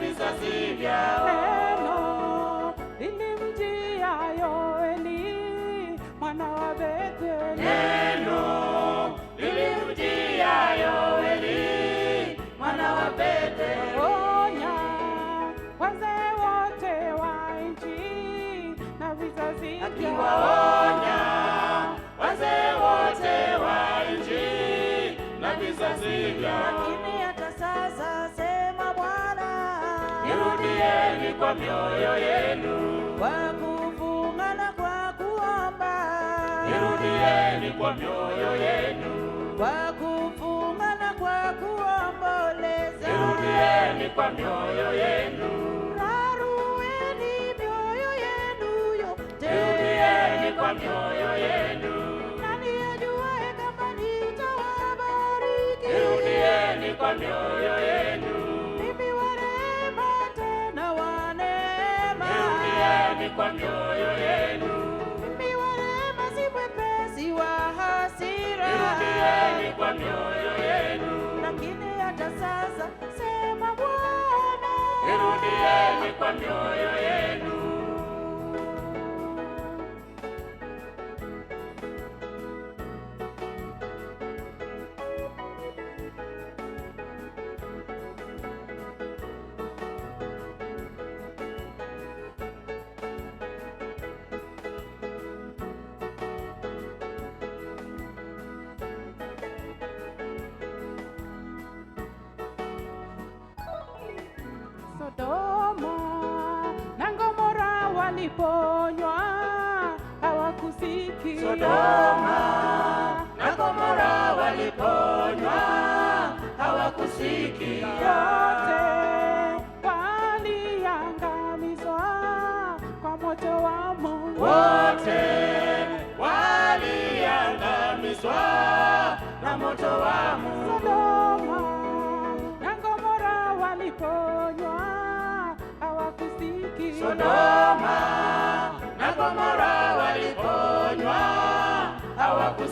vizazi vyao. Neno lilimjia Yoeli mwana wa Bethueli. Neno lilimjia Yoeli mwana wa Bethueli. Onya wazee wote wa nchi na vizazi vyao. wazee wote wa nchi na vizazi vyao. kwa mioyo yenu, kwa kufunga na kwa kuomba. kwa mioyo yenu, kwa kufunga na kwa kuomboleza. kwa mioyo yenu, rarueni mioyo yenu yote. kwa mioyo Señor. waliponywa hawakusikia. Sodoma na Gomora waliponywa hawakusikia. waliangamizwa kwa moto wa Mungu. Wote waliangamizwa na moto wa Mungu. Sodoma na Gomora waliponywa hawakusikia.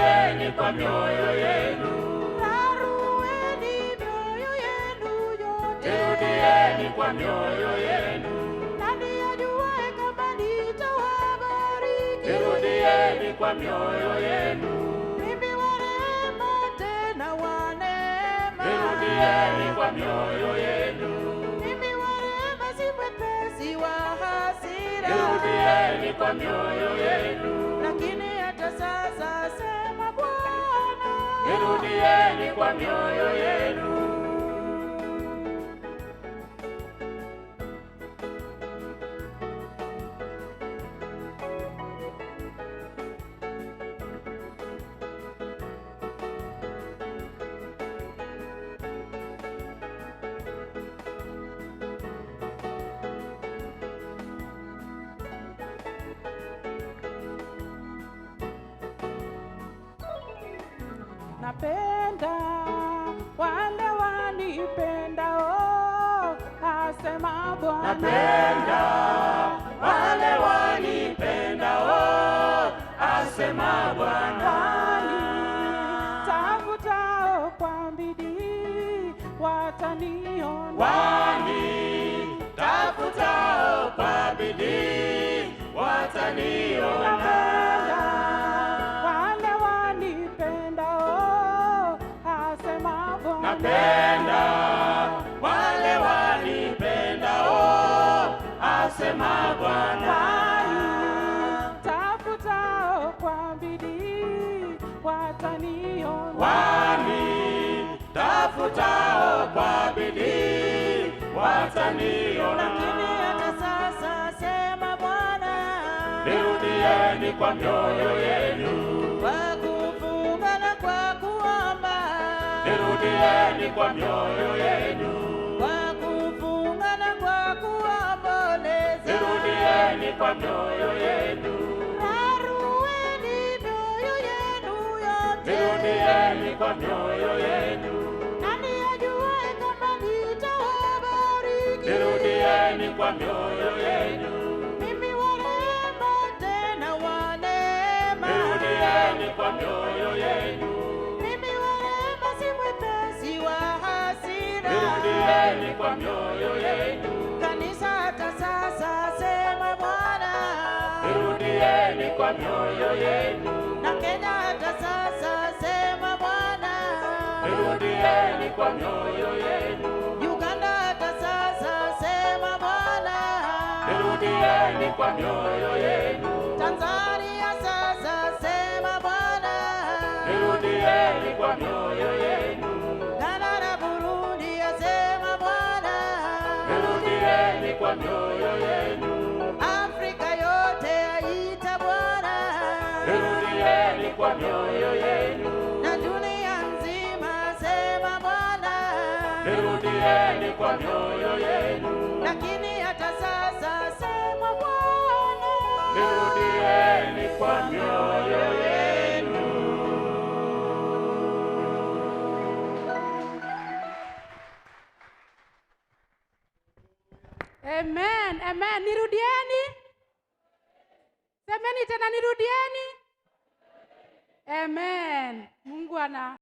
Karueni kwa mioyo yenu, karueni mioyo yenu yote, rudieni kwa mioyo yenu. Nani kama nitawabariki? Rudieni kwa mioyo yenu. Mimi wa neema, tena wa neema, rudieni kwa mioyo yenu. wa hasira, rudieni kwa mioyo yenu. shuhudieni kwa mioyo yenu napenda wale wanipendao, asema Bwana. Napenda wale wanipendao, asema Bwana. kwa bidii wataniona, kwa bidii wataniona Napenda wale walipenda o oh, asema Bwana. Tafutao kwa bidii wataniona, tafutao kwa bidii wataniona. Lakini hata sasa, sema Bwana, nirudieni kwa mioyo yenu Kimbilieni kwa mioyo yenu, kwa kufunga na kwa kuomboleza. Irudieni kwa mioyo yenu, rarueni mioyo yenu yote. Irudieni kwa mioyo yenu, nani ajuaye kama nitawabariki? Irudieni kwa mioyo yenu mioyo yetu. Kanisa tasasa sema Bwana, irudieni kwa mioyo Na Kenya sema Bwana, kwa mioyo Uganda tasasa sema Bwana, kwa mioyo Tanzania sasa sema Bwana, rudieni kwa mioyo yenu. Irudieni kwa mioyo yenu. Afrika yote yaita Bwana. kwa mioyo yenu. Na dunia nzima sema Bwana. Irudieni kwa mioyo yenu. Lakini Amen, amen. Nirudieni, semeni tena, nirudieni. Amen. Mungu ana